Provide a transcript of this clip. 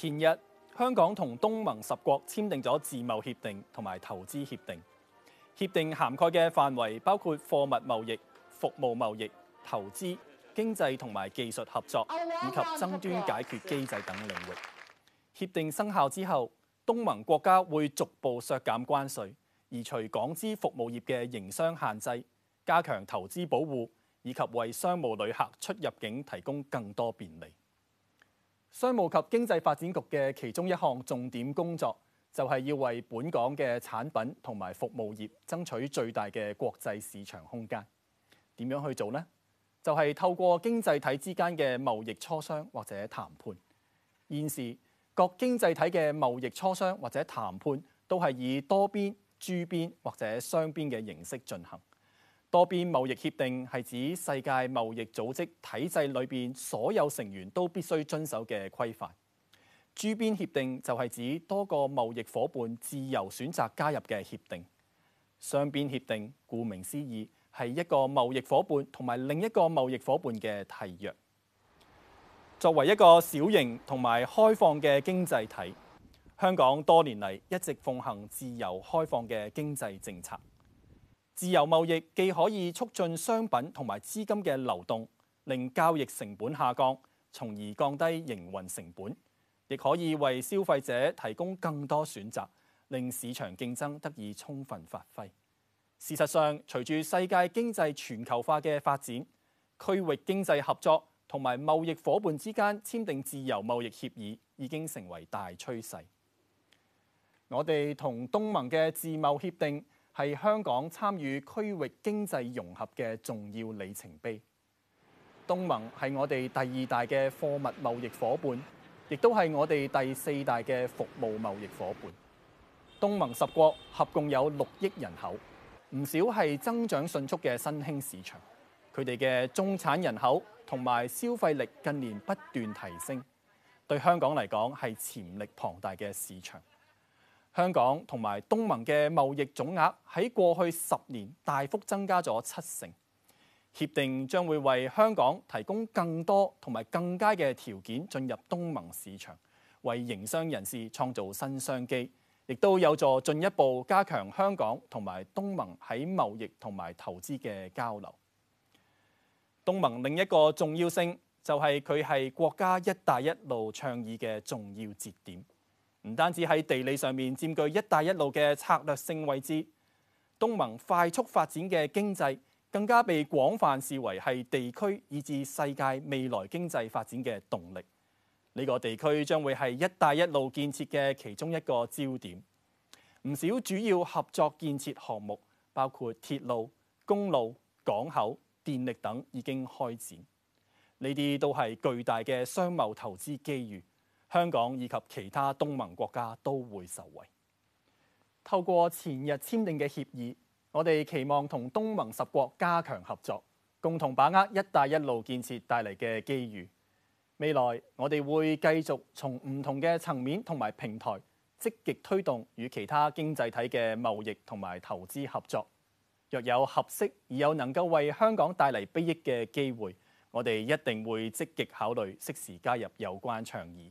前日，香港同東盟十國簽訂咗自貿協定同埋投資協定。協定涵蓋嘅範圍包括貨物貿易、服務貿易、投資、經濟同埋技術合作，以及爭端解決機制等領域。協定生效之後，東盟國家會逐步削減關稅，移除港資服務業嘅營商限制，加強投資保護，以及為商務旅客出入境提供更多便利。商務及經濟發展局嘅其中一項重點工作就係要為本港嘅產品同埋服務業爭取最大嘅國際市場空間。點樣去做呢？就係透過經濟體之間嘅貿易磋商或者談判。現時各經濟體嘅貿易磋商或者談判都係以多邊、諸邊或者雙邊嘅形式進行。多邊貿易協定係指世界貿易組織體制裏邊所有成員都必須遵守嘅規範。諸邊協定就係指多個貿易伙伴自由選擇加入嘅協定。雙邊協定顧名思義，係一個貿易伙伴同埋另一個貿易伙伴嘅契約。作為一個小型同埋開放嘅經濟體，香港多年嚟一直奉行自由開放嘅經濟政策。自由貿易既可以促進商品同埋資金嘅流動，令交易成本下降，從而降低營運成本，亦可以為消費者提供更多選擇，令市場競爭得以充分發揮。事實上，隨住世界經濟全球化嘅發展，區域經濟合作同埋貿易伙伴之間簽訂自由貿易協議已經成為大趨勢。我哋同東盟嘅自貿協定係香港參與區域經濟融合嘅重要里程碑。東盟係我哋第二大嘅貨物貿易伙伴，亦都係我哋第四大嘅服務貿易伙伴。東盟十國合共有六億人口，唔少係增長迅速嘅新興市場。佢哋嘅中產人口同埋消費力近年不斷提升，對香港嚟講係潛力龐大嘅市場。香港同埋東盟嘅貿易總額喺過去十年大幅增加咗七成，協定將會為香港提供更多同埋更佳嘅條件進入東盟市場，為營商人士創造新商機，亦都有助進一步加強香港同埋東盟喺貿易同埋投資嘅交流。東盟另一個重要性就係佢係國家「一帶一路」倡議嘅重要節點。唔單止喺地理上面佔據一帶一路嘅策略性位置，東盟快速發展嘅經濟更加被廣泛視為係地區以至世界未來經濟發展嘅動力。呢個地區將會係一帶一路建設嘅其中一個焦點。唔少主要合作建設項目，包括鐵路、公路、港口、電力等，已經開展。呢啲都係巨大嘅商貿投資機遇。香港以及其他東盟國家都會受惠。透過前日簽訂嘅協議，我哋期望同東盟十國加強合作，共同把握“一帶一路”建設帶嚟嘅機遇。未來我哋會繼續從唔同嘅層面同埋平台積極推動與其他經濟體嘅貿易同埋投資合作。若有合適而又能夠為香港帶嚟裨益嘅機會，我哋一定會積極考慮，適時加入有關倡議。